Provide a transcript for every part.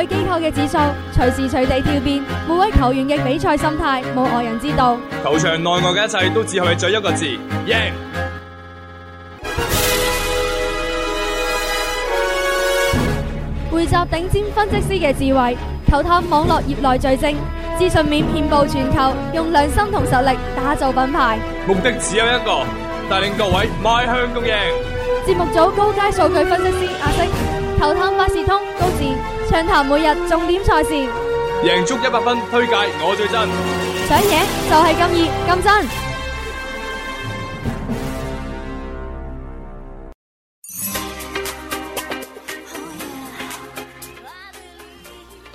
對機構嘅指數隨時隨地跳變，每位球員嘅比賽心態，冇外人知道。球場內外嘅一切，都只可以咗一個字:暢談每日重點賽事，贏足一百分，推介我最真，想贏就係咁易咁真。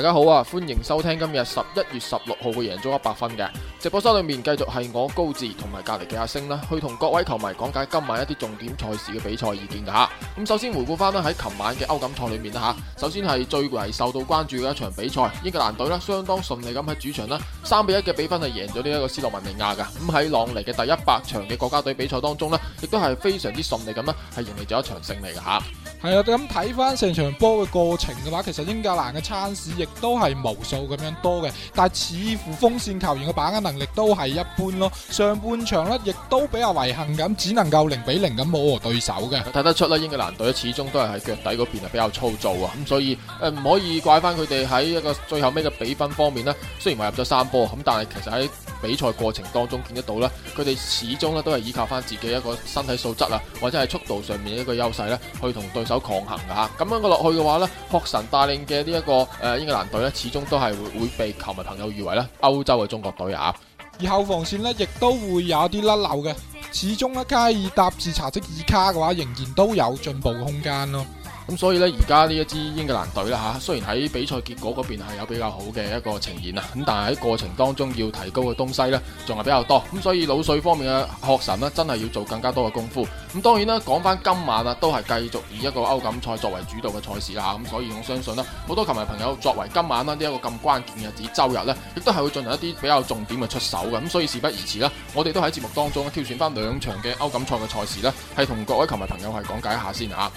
大家好啊！歡迎收聽今日十一月十六號嘅贏足 100FUN 嘅直播室裏面，繼續係我高志同埋隔籬嘅阿星啦，去同各位球迷講解今晚一啲重點賽事嘅比賽意見噶吓。咁首先回顧翻啦，喺琴晚嘅歐錦賽裏面啊吓，首先係最為受到關注嘅一場比賽，英格蘭隊咧相當順利咁喺主場啦三比一嘅比分係贏咗呢一個斯洛文尼亞噶。咁喺朗尼嘅第一百場嘅國家隊比賽當中呢，亦都係非常之順利咁啊，係贏嚟咗一場勝利噶吓。係啊，咁睇翻成場波嘅過程嘅話，其實英格蘭嘅 chance 亦都係無數咁樣多嘅，但係似乎鋒線球員嘅把握能力都係一般咯。上半場呢亦都比較遺憾咁，只能夠零比零咁冇和對手嘅。睇得出啦，英格蘭隊始終都係喺腳底嗰邊係比較粗糙啊，咁所以誒唔可以怪翻佢哋喺一個最後尾嘅比分方面呢，雖然話入咗三波，咁但係其實喺。比賽過程當中見得到啦，佢哋始終咧都係依靠翻自己一個身體素質啊，或者係速度上面一個優勢咧，去同對手抗衡嘅嚇。咁樣個落去嘅話咧，學神帶領嘅呢一個誒英格蘭隊咧，始終都係會會被球迷朋友譽為咧歐洲嘅中國隊啊。而後防線呢，亦都會有啲甩漏嘅。始終咧，加爾達治查積爾卡嘅話，仍然都有進步嘅空間咯。咁所以咧，而家呢一支英格蘭隊啦吓，雖然喺比賽結果嗰邊係有比較好嘅一個呈現啊，咁但係喺過程當中要提高嘅東西咧，仲係比較多。咁所以老帥方面嘅學神呢真係要做更加多嘅功夫。咁當然啦，講翻今晚啊，都係繼續以一個歐錦賽作為主導嘅賽事啦。咁所以我相信啦，好多球迷朋友作為今晚呢一個咁關鍵嘅日子，周日咧，亦都係會進行一啲比較重點嘅出手嘅。咁所以事不宜遲啦，我哋都喺節目當中挑選翻兩場嘅歐錦賽嘅賽事咧，係同各位球迷朋友係講解一下先吓。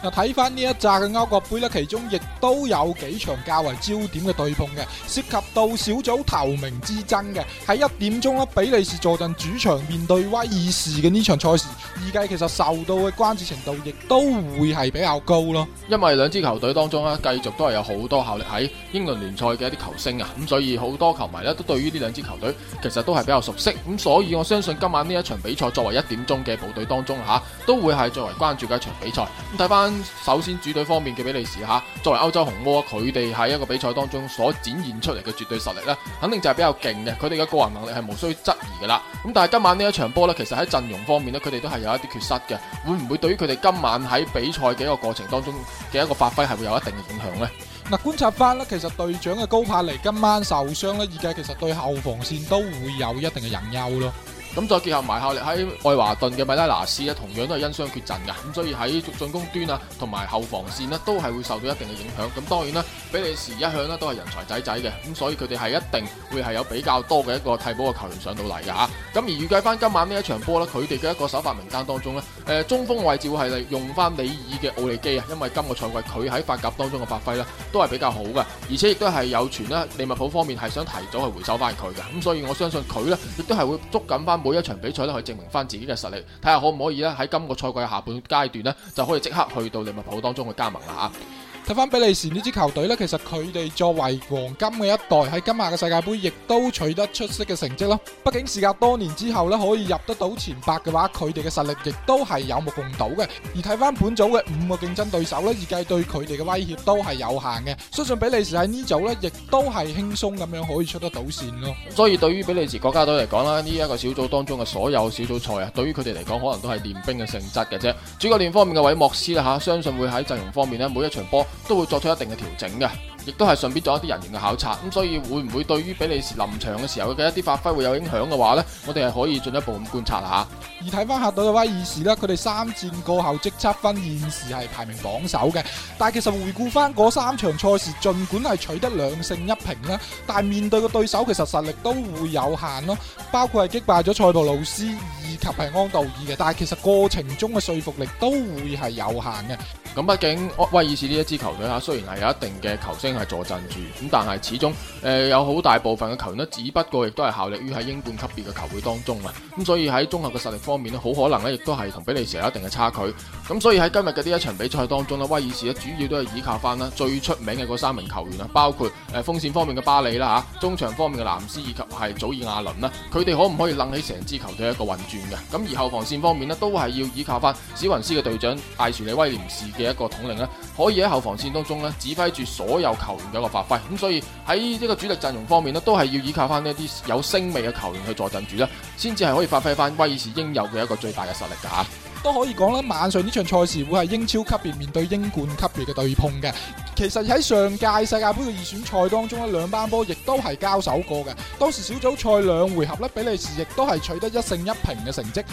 嗱，睇翻呢一紮嘅歐國杯啦，其中亦都有幾場較為焦點嘅對碰嘅，涉及到小組頭名之爭嘅，喺一點鐘啦，比利時坐陣主場面對威爾士嘅呢場賽事，預計其實受到嘅關注程度亦都會係比較高咯，因為兩支球隊當中啦、啊，繼續都係有好多效力喺英倫聯賽嘅一啲球星啊，咁所以好多球迷咧都對於呢兩支球隊其實都係比較熟悉，咁所以我相信今晚呢一場比賽作為一點鐘嘅部隊當中吓、啊，都會係作為關注嘅一場比賽，咁睇翻。首先主隊方面嘅比利時吓，作為歐洲紅魔，佢哋喺一個比賽當中所展現出嚟嘅絕對實力咧，肯定就係比較勁嘅。佢哋嘅個人能力係無需質疑噶啦。咁但係今晚呢一場波咧，其實喺陣容方面咧，佢哋都係有一啲缺失嘅。會唔會對於佢哋今晚喺比賽嘅一個過程當中嘅一個發揮係會有一定嘅影響呢？嗱，觀察翻咧，其實隊長嘅高帕尼今晚受傷呢，而家其實對後防線都會有一定嘅隱憂咯。咁再結合埋效力喺愛華頓嘅米拉拿斯咧，同樣都係因傷缺陣嘅，咁所以喺進攻端啊，同埋後防線呢都係會受到一定嘅影響。咁當然啦，比利時一向呢都係人才仔仔嘅，咁所以佢哋係一定會係有比較多嘅一個替補嘅球員上到嚟㗎。咁而預計翻今晚呢一場波呢，佢哋嘅一個首發名單當中呢，誒中鋒位置會係用翻里爾嘅奧利基啊，因為今個賽季佢喺法甲當中嘅發揮呢都係比較好嘅，而且亦都係有傳咧利物浦方面係想提早去回收翻佢嘅，咁所以我相信佢呢亦都係會捉緊翻。每一場比賽都可以證明翻自己嘅實力，睇下可唔可以咧喺今個賽季嘅下半階段咧，就可以即刻去到利物浦當中去加盟啦吓。睇翻比利時呢支球隊呢，其實佢哋作為黃金嘅一代，喺今日嘅世界盃亦都取得出色嘅成績咯。畢竟事隔多年之後呢，可以入得到前八嘅話，佢哋嘅實力亦都係有目共睹嘅。而睇翻本組嘅五個競爭對手呢，預計對佢哋嘅威脅都係有限嘅。相信比利時喺呢組呢，亦都係輕鬆咁樣可以出得到線咯。所以對於比利時國家隊嚟講啦，呢、這、一個小組當中嘅所有小組賽啊，對於佢哋嚟講可能都係練兵嘅性質嘅啫。主教練方面嘅韋莫斯啦嚇，相信會喺陣容方面呢，每一場波，都會作出一定嘅調整嘅。亦都係順便做一啲人員嘅考察，咁所以會唔會對於比利時臨場嘅時候嘅一啲發揮會有影響嘅話呢？我哋係可以進一步咁觀察下。而睇翻客隊嘅威爾士呢，佢哋三戰過後積七分，現時係排名榜首嘅。但係其實回顧翻嗰三場賽事，盡管係取得兩勝一平啦，但係面對嘅對手其實實力都會有限咯，包括係擊敗咗塞浦路斯以及係安道爾嘅。但係其實過程中嘅說服力都會係有限嘅。咁畢竟威爾士呢一支球隊吓，雖然係有一定嘅球星。係助陣住咁，但係始終誒、呃、有好大部分嘅球員呢，只不過亦都係效力於喺英冠級別嘅球會當中啊。咁、嗯、所以喺綜合嘅實力方面很呢，好可能咧亦都係同比利時有一定嘅差距。咁、嗯、所以喺今日嘅呢一場比賽當中呢，威爾士呢主要都係依靠翻呢最出名嘅嗰三名球員啊，包括誒鋒線方面嘅巴里啦吓，中場方面嘅藍斯以及係祖爾亞倫啦，佢哋可唔可以掹起成支球隊一個運轉嘅？咁、嗯、而後防線方面呢，都係要依靠翻史雲斯嘅隊長艾殊利威廉士嘅一個統領呢，可以喺後防線當中呢指揮住所有。球員嘅一個發揮，咁所以喺呢個主力陣容方面咧，都係要依靠翻呢啲有星味嘅球員去坐鎮住啦，先至係可以發揮翻威爾士應有嘅一個最大嘅實力噶吓，都可以講啦，晚上呢場賽事會係英超級別面對英冠級別嘅對碰嘅。其實喺上屆世界杯嘅預選賽當中咧，兩班波亦都係交手過嘅。當時小組賽兩回合咧，比利時亦都係取得一勝一平嘅成績。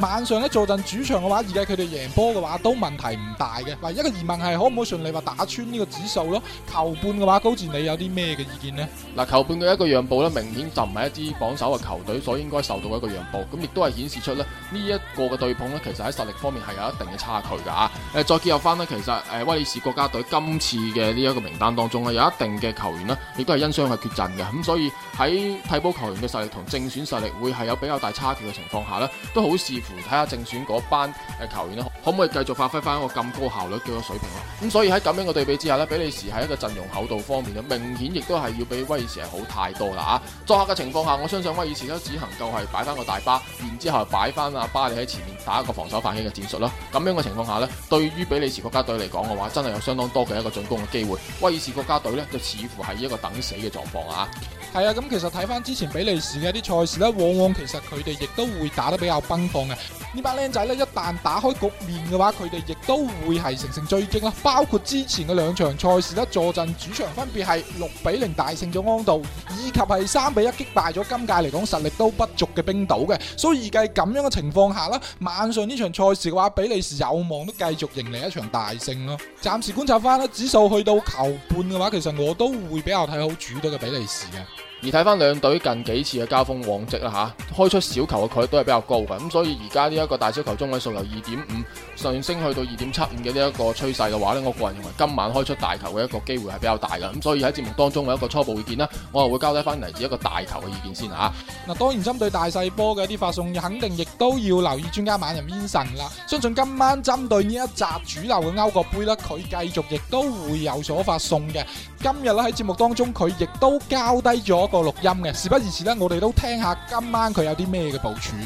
晚上咧坐陣主場嘅話，而家佢哋贏波嘅話都問題唔大嘅。嗱，一個疑問係可唔可以順利話打穿呢個指數咯？球半嘅話，高志你有啲咩嘅意見呢？嗱，球半嘅一個讓步咧，明顯就唔係一支榜首嘅球隊所以應該受到嘅一個讓步。咁亦都係顯示出咧呢一個嘅對碰咧，其實喺實力方面係有一定嘅差距嘅吓。誒，再結合翻呢，其實誒，威爾士國家隊今次。嘅呢一個名單當中咧，有一定嘅球員咧，亦都係因傷去缺陣嘅，咁、嗯、所以喺替補球員嘅實力同正選實力會係有比較大差距嘅情況下咧，都好視乎睇下正選嗰班誒、啊、球員咧，可唔可以繼續發揮翻一個咁高效率嘅水平咧？咁所以喺咁樣嘅對比之下咧，比利時喺一個陣容厚度方面呢，明顯，亦都係要比威爾士係好太多啦！啊，作客嘅情況下，我相信威爾士都只能夠係擺翻個大巴，然之後擺翻阿巴利喺前面打一個防守反擊嘅戰術咯。咁樣嘅情況下咧，對於比利時國家隊嚟講嘅話，真係有相當多嘅一個進攻嘅機會。威爾士國家隊呢，就似乎係一個等死嘅狀況啊！係啊，咁其實睇翻之前比利時嘅一啲賽事呢，往往其實佢哋亦都會打得比較奔放嘅。呢班僆仔咧，一旦打開局面嘅話，佢哋亦都會係成成追擊啦。包括之前嘅兩場賽事咧，坐鎮主場分別係六比零大勝咗安道，以及係三比一擊敗咗今屆嚟講實力都不俗嘅冰島嘅。所以預計咁樣嘅情況下啦，晚上呢場賽事嘅話，比利時有望都繼續迎嚟一場大勝咯。暫時觀察翻啦，指數去到球半嘅話，其實我都會比較睇好主隊嘅比利時嘅。而睇翻兩隊近幾次嘅交鋒往績啦嚇，開出小球嘅概率都係比較高嘅，咁所以而家呢一個大小球中位數由二點五上升去到二點七五嘅呢一個趨勢嘅話呢，我個人認為今晚開出大球嘅一個機會係比較大嘅，咁所以喺節目當中嘅一個初步意見呢，我係會交低翻嚟自一個大球嘅意見先嚇。嗱，當然針對大細波嘅一啲發送，肯定亦都要留意專家馬入煙神啦。相信今晚針對呢一集主流嘅歐國杯呢，佢繼續亦都會有所發送嘅。今日啦喺節目當中，佢亦都交低咗一個錄音嘅。事不宜遲咧，我哋都聽下今晚佢有啲咩嘅部署。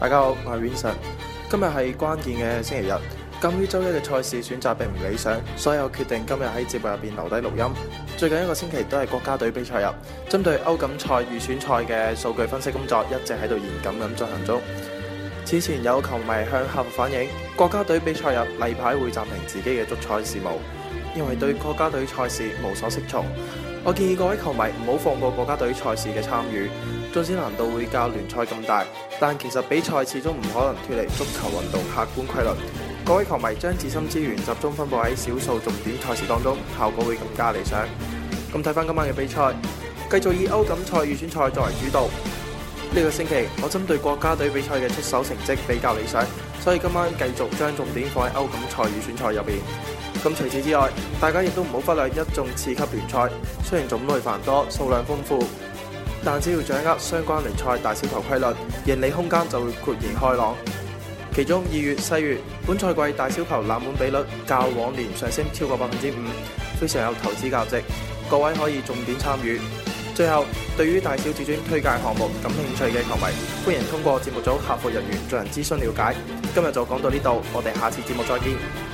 大家好，我係 Vincent，今日係關鍵嘅星期日。今於周一嘅賽事選擇並唔理想，所以我決定今日喺節目入邊留低錄音。最近一個星期都係國家隊比賽日，針對歐錦賽預選賽嘅數據分析工作一直喺度嚴謹咁進行中。此前有球迷向客服反映，國家隊比賽日例牌會暫停自己嘅足彩事務，因為對國家隊賽事無所適從。我建議各位球迷唔好放過國家隊賽事嘅參與，縱使難度會較聯賽咁大，但其實比賽始終唔可能脫離足球運動客觀規律。各位球迷將自身資源集中分布喺少數重點賽事當中，效果會更加理想。咁睇翻今晚嘅比賽，繼續以歐錦賽預選賽作為主導。呢個星期我針對國家隊比賽嘅出手成績比較理想，所以今晚繼續將重點放喺歐錦賽預選賽入邊。咁除此之外，大家亦都唔好忽略一眾次級聯賽，雖然種類繁多、數量豐富，但只要掌握相關聯賽大小球規律，盈利空間就會豁然開朗。其中二月、四月，本賽季大小球冷門比率較往年上升超過百分之五，非常有投資價值，各位可以重點參與。最後，對於大小至尊推介項目感興趣嘅球迷，歡迎通過節目組客服人員進行諮詢了解。今日就講到呢度，我哋下次節目再見。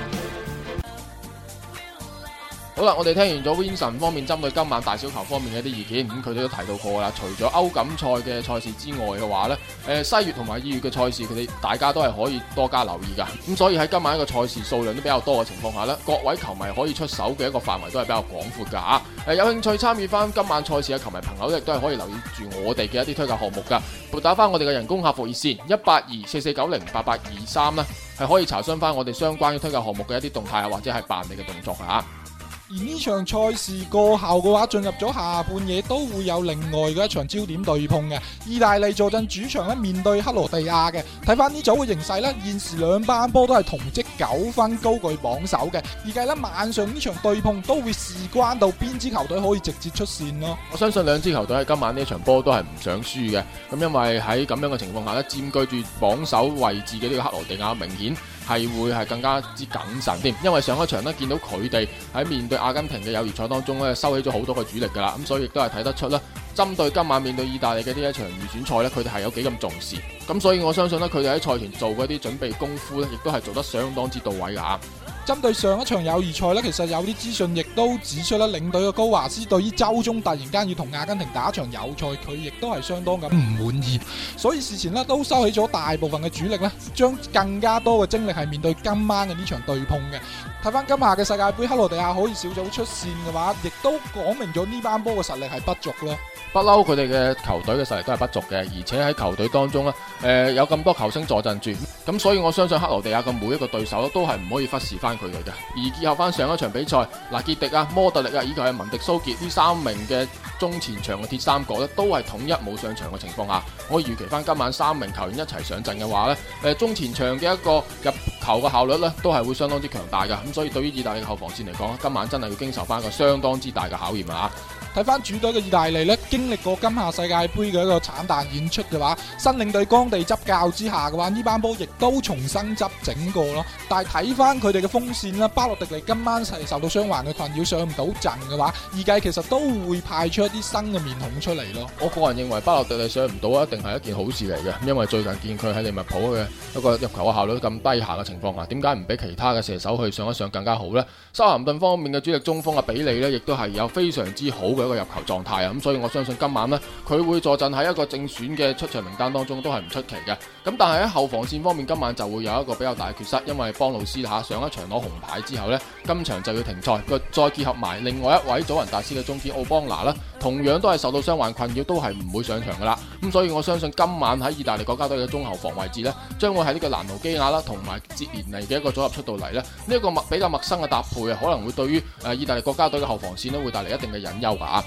好啦，我哋聽完咗 Winson 方面針對今晚大小球方面嘅一啲意見，咁佢哋都提到過啦。除咗歐錦賽嘅賽事之外嘅話呢誒、呃、西乙同埋意乙嘅賽事，佢哋大家都係可以多加留意噶。咁所以喺今晚一個賽事數量都比較多嘅情況下呢各位球迷可以出手嘅一個範圍都係比較廣闊噶吓。誒、啊，有興趣參與翻今晚賽事嘅球迷朋友亦都係可以留意住我哋嘅一啲推介項目噶。撥打翻我哋嘅人工客服熱線一八二四四九零八八二三啦，係可以查詢翻我哋相關嘅推介項目嘅一啲動態啊，或者係辦理嘅動作噶吓。啊而呢場賽事過後嘅話，進入咗下半夜都會有另外嘅一場焦點對碰嘅。意大利坐鎮主場呢，面對克羅地亞嘅。睇翻呢組嘅形勢呢，現時兩班波都係同積九分，高居榜首嘅。預計呢晚上呢場對碰都會事關到邊支球隊可以直接出線咯。我相信兩支球隊喺今晚呢一場波都係唔想輸嘅。咁因為喺咁樣嘅情況下呢，佔據住榜首位置嘅呢個克羅地亞明顯。係會係更加之謹慎添，因為上一場呢，見到佢哋喺面對阿根廷嘅友誼賽當中呢收起咗好多嘅主力噶啦，咁所以亦都係睇得出呢，針對今晚面對意大利嘅呢一場預選賽呢，佢哋係有幾咁重視，咁所以我相信呢，佢哋喺賽前做嗰啲準備功夫呢，亦都係做得相當之到位噶。針對上一場友誼賽咧，其實有啲資訊亦都指出咧，領隊嘅高華斯對於周中突然間要同阿根廷打一場友賽，佢亦都係相當咁唔滿意，所以事前咧都收起咗大部分嘅主力咧，將更加多嘅精力係面對今晚嘅呢場對碰嘅。睇翻今夏嘅世界盃，克羅地亞可以小組出線嘅話，亦都講明咗呢班波嘅實力係不俗咯。不嬲，佢哋嘅球隊嘅實力都係不俗嘅，而且喺球隊當中咧，誒、呃、有咁多球星坐鎮住，咁所以我相信克羅地亞嘅每一個對手都係唔可以忽視翻。距離嘅，而結合翻上一場比賽嗱，傑迪啊、摩特力啊，以及係文迪蘇杰呢三名嘅中前場嘅鐵三角咧，都係統一冇上場嘅情況下，我預期翻今晚三名球員一齊上陣嘅話咧，誒，中前場嘅一個入球嘅效率咧，都係會相當之強大㗎，咁所以對於意大利嘅後防線嚟講，今晚真係要經受翻一個相當之大嘅考驗啊！睇翻主隊嘅意大利咧，經歷過今夏世界盃嘅一個慘淡演出嘅話，新領隊干地執教之下嘅話，呢班波亦都重新執整過咯。但係睇翻佢哋嘅風扇啦，巴洛迪利今晚係受到傷患嘅困擾上唔到陣嘅話，意甲其實都會派出一啲新嘅面孔出嚟咯。我個人認為巴洛迪利上唔到一定係一件好事嚟嘅，因為最近見佢喺利物浦嘅一個入球嘅效率咁低下嘅情況下，點解唔俾其他嘅射手去上一上更加好呢？沙咸頓方面嘅主力中鋒嘅、啊、比利呢，亦都係有非常之好嘅。一個入球狀態啊，咁所以我相信今晚咧，佢會坐鎮喺一個正選嘅出場名單當中都係唔出奇嘅。咁但係喺後防線方面，今晚就會有一個比較大嘅缺失，因為幫老斯吓上一場攞紅牌之後呢，今場就要停賽。再結合埋另外一位祖雲達斯嘅中堅奧邦拿啦。同樣都係受到傷患困擾，都係唔會上場噶啦。咁所以我相信今晚喺意大利國家隊嘅中後防位置呢，將會喺呢個蘭奴基亞啦同埋捷連尼嘅一個組合出到嚟呢。呢、呢、一個陌比較陌生嘅搭配啊，可能會對於誒意大利國家隊嘅後防線咧，會帶嚟一定嘅隱憂㗎啊！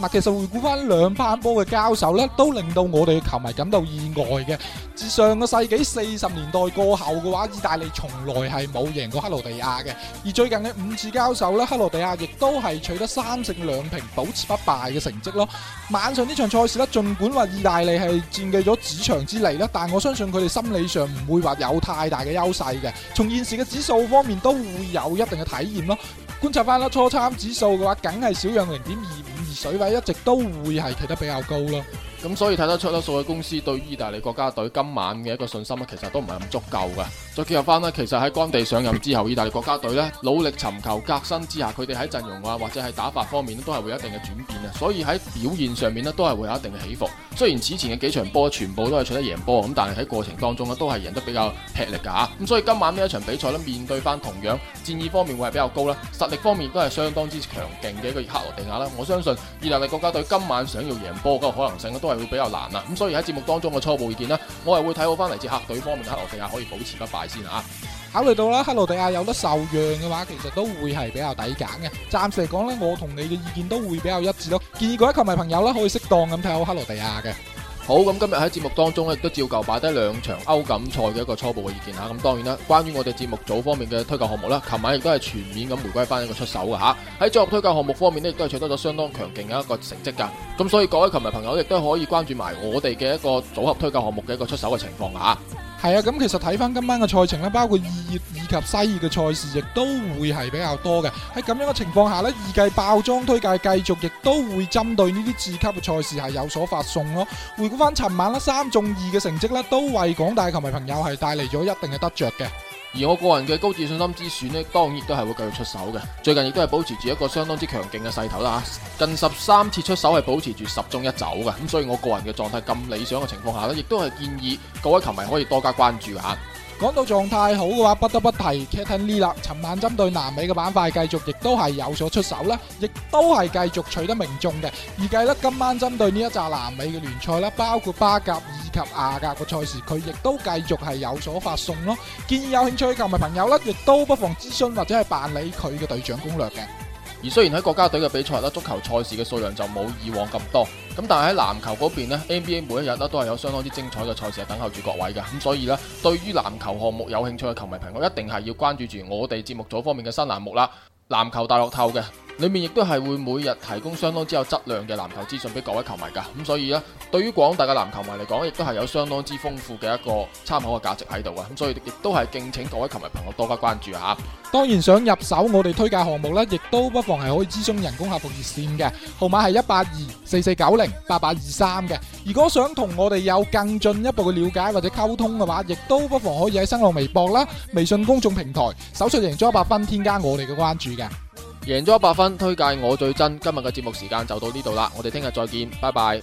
嗱，其實回顧翻，兩棒波嘅交手呢，都令到我哋嘅球迷感到意外嘅。自上個世紀四十年代過後嘅話，意大利從來係冇贏過克羅地亞嘅。而最近嘅五次交手呢，克羅地亞亦都係取得三勝兩平，保持不敗嘅成績咯。晚上這場賽，呢場賽事咧，儘管話意大利係佔據咗主場之利咧，但我相信佢哋心理上唔會話有太大嘅優勢嘅。從現時嘅指數方面都會有一定嘅體驗咯。觀察翻咧，初參指數嘅話，梗係小讓零點二。水位一直都會係企得比較高咯。咁所以睇得出啦，數位公司對於意大利國家隊今晚嘅一個信心咧，其實都唔係咁足夠嘅。再結合翻咧，其實喺戈地上任之後，意大利國家隊咧努力尋求革新之下，佢哋喺陣容啊或者係打法方面都係會有一定嘅轉變啊。所以喺表現上面呢都係會有一定嘅起伏。雖然此前嘅幾場波全部都係取得贏波，咁但係喺過程當中呢都係贏得比較吃力㗎。咁所以今晚呢一場比賽呢，面對翻同樣戰意方面會係比較高啦，實力方面都係相當之強勁嘅一個克羅地亞啦。我相信意大利國家隊今晚想要贏波嘅可能性都係。會比較難啊，咁所以喺節目當中嘅初步意見呢，我係會睇好翻嚟自客隊方面嘅克羅地亞可以保持不敗先啊。考慮到啦，克羅地亞有得受讓嘅話，其實都會係比較抵揀嘅。暫時嚟講呢，我同你嘅意見都會比較一致咯。建議各位球迷朋友呢，可以適當咁睇好克羅地亞嘅。好咁，今日喺節目當中咧，亦都照舊擺低兩場歐錦賽嘅一個初步嘅意見吓。咁當然啦，關於我哋節目組方面嘅推介項目啦，琴晚亦都係全面咁回歸翻一個出手噶吓。喺組合推介項目方面呢，亦都係取得咗相當強勁嘅一個成績噶。咁所以各位球迷朋友亦都可以關注埋我哋嘅一個組合推介項目嘅一個出手嘅情況啊。係啊，咁其實睇翻今晚嘅賽程咧，包括二月以及西二嘅賽事，亦都會係比較多嘅。喺咁樣嘅情況下呢二季爆裝推介繼續亦都會針對呢啲次級嘅賽事係有所發送咯。回顧翻尋晚啦三中二嘅成績呢都為廣大球迷朋友係帶嚟咗一定嘅得着嘅。而我個人嘅高自信心之選呢，當然亦都係會繼續出手嘅。最近亦都係保持住一個相當之強勁嘅勢頭啦吓，近十三次出手係保持住十中一走嘅，咁所以我個人嘅狀態咁理想嘅情況下呢亦都係建議各位球迷可以多加關注一下。講到狀態好嘅話，不得不提 Captain Lee 啦。尋晚針對南美嘅板塊，繼續亦都係有所出手啦，亦都係繼續取得命中嘅。預計呢，今晚針對呢一紮南美嘅聯賽啦，包括巴甲以及亞甲嘅賽事，佢亦都繼續係有所發送咯。建議有興趣嘅球迷朋友呢，亦都不妨諮詢或者係辦理佢嘅隊長攻略嘅。而雖然喺國家隊嘅比賽啦，足球賽事嘅數量就冇以往咁多，咁但係喺籃球嗰邊呢，NBA 每一日呢都係有相當之精彩嘅賽事等候住各位嘅，咁所以呢，對於籃球項目有興趣嘅球迷朋友，一定係要關注住我哋節目組方面嘅新欄目啦，《籃球大樂透》嘅。裏面亦都係會每日提供相當之有質量嘅籃球資訊俾各位球迷噶，咁所以呢，對於廣大嘅籃球迷嚟講，亦都係有相當之豐富嘅一個參考嘅價值喺度嘅，咁所以亦都係敬請各位球迷朋友多加關注吓。當然想入手我哋推介項目呢，亦都不妨係可以諮詢人工客服熱線嘅，號碼係一八二四四九零八八二三嘅。如果想同我哋有更進一步嘅了解或者溝通嘅話，亦都不妨可以喺新浪微博啦、微信公眾平台搜索贏足一百分，添加我哋嘅關注嘅。贏咗一百分，推介我最真。今日嘅節目時間就到呢度啦，我哋聽日再見，拜拜。